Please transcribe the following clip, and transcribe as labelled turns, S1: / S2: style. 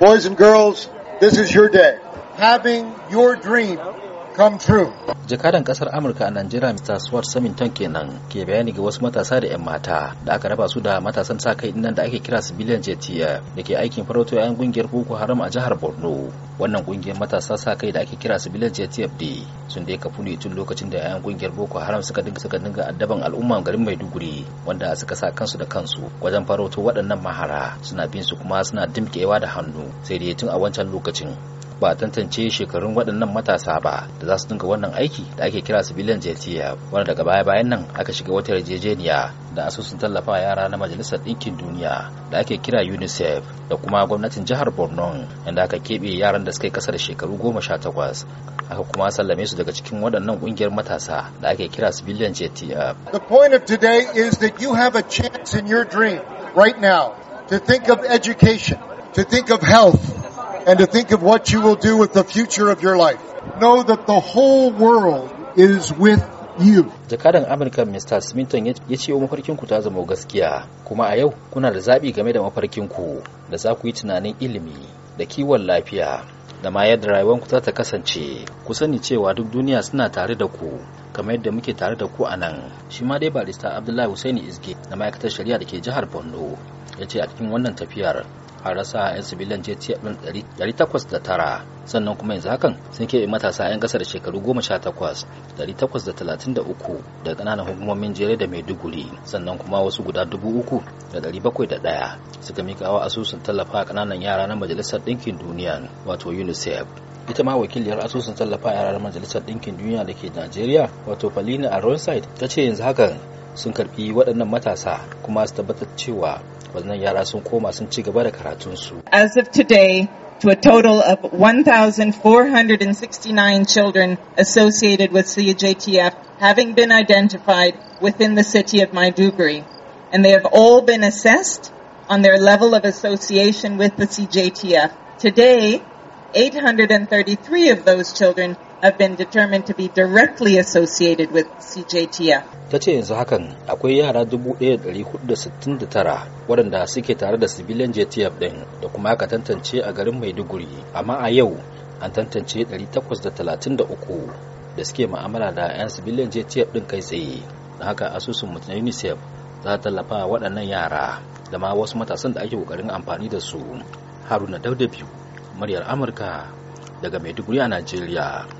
S1: Boys and girls, this is your day. Having your dream come true. Jakadan kasar Amurka a Najeriya Mr. Swart Samington kenan ke bayani ga wasu matasa da 'yan mata da aka raba su da matasan sa kai nan da ake kira su Billion JTF da ke aikin farauto yayin kungiyar Boko Haram a jihar Borno. Wannan kungiyar matasa sa kai da ake kira Billion JTF dai sun dai kafu ne tun lokacin da 'yan kungiyar Boko Haram suka dinga suka dinga addaban al'umma garin Maiduguri wanda suka sa kansu da kansu wajen farauto waɗannan mahara suna bin su kuma suna dimkewa da hannu sai dai tun a wancan lokacin ba tantance shekarun waɗannan matasa ba da za su dinga wannan aiki da ake kira su billion jetiya wanda daga baya bayan nan aka shiga wata yarjejeniya da asusun tallafa yara na majalisar ɗinkin duniya da ake kira unicef da kuma gwamnatin jihar borno inda aka keɓe yaran da suka yi kasar shekaru goma sha takwas aka kuma sallame su daga cikin waɗannan ƙungiyar matasa da ake kira su jetiya the point of today is that
S2: you have a chance in your dream right now to think of education to think of health and to think of what you will do with the future of your life. Know that the whole
S1: world is with you. Jakadan Amurka Mr. Smithon ya ce mafarkin ku ta zama gaskiya kuma a yau kuna da zaɓi game da mafarkin ku da za ku yi tunanin ilimi da kiwon lafiya da ma yadda rayuwanku za ta kasance ku sani cewa duk duniya suna tare da ku kamar yadda muke tare da ku a nan shi ma dai barista abdullahi Hussaini isge na ma'aikatar shari'a da ke jihar borno ya ce a cikin wannan tafiyar a rasa 'yan sibilan tara sannan kuma yanzu hakan sun keɓe matasa 'yan ƙasa da shekaru takwas da da uku ƙananan hukumomin jere da maiduguri sannan kuma wasu guda dubu uku da da bakwai 3,701 suka mikawa asusun tallafa ƙananan yara na majalisar ɗinkin duniya wato unicef ita ma wakiliyar asusun tallafa yara na majalisar ɗinkin duniya da ke najeriya wato palina ronside ta ce yanzu hakan sun karbi waɗannan matasa kuma su tabbatar cewa wannan yara sun koma sun ci gaba da karatunsu.
S2: As of today, to a total of 1,469 children associated with CJTF having been identified within the city of Maiduguri, and they have all been assessed on their level of association with the CJTF. Today, 833 of those children have been determined to be directly associated with CJTF. Ta ce
S1: yanzu hakan akwai yara 1,469 waɗanda suke tare da civilian JTF ɗin da kuma aka tantance a garin Maiduguri, amma a yau an tantance 833 da suke ma'amala da 'yan civilian JTF ɗin kai tsaye. Da haka asusun mutum UNICEF za ta tallafa waɗannan yara da ma wasu matasan da ake ƙoƙarin amfani da su. Haruna Dauda biyu, muryar Amurka daga Maiduguri a Najeriya.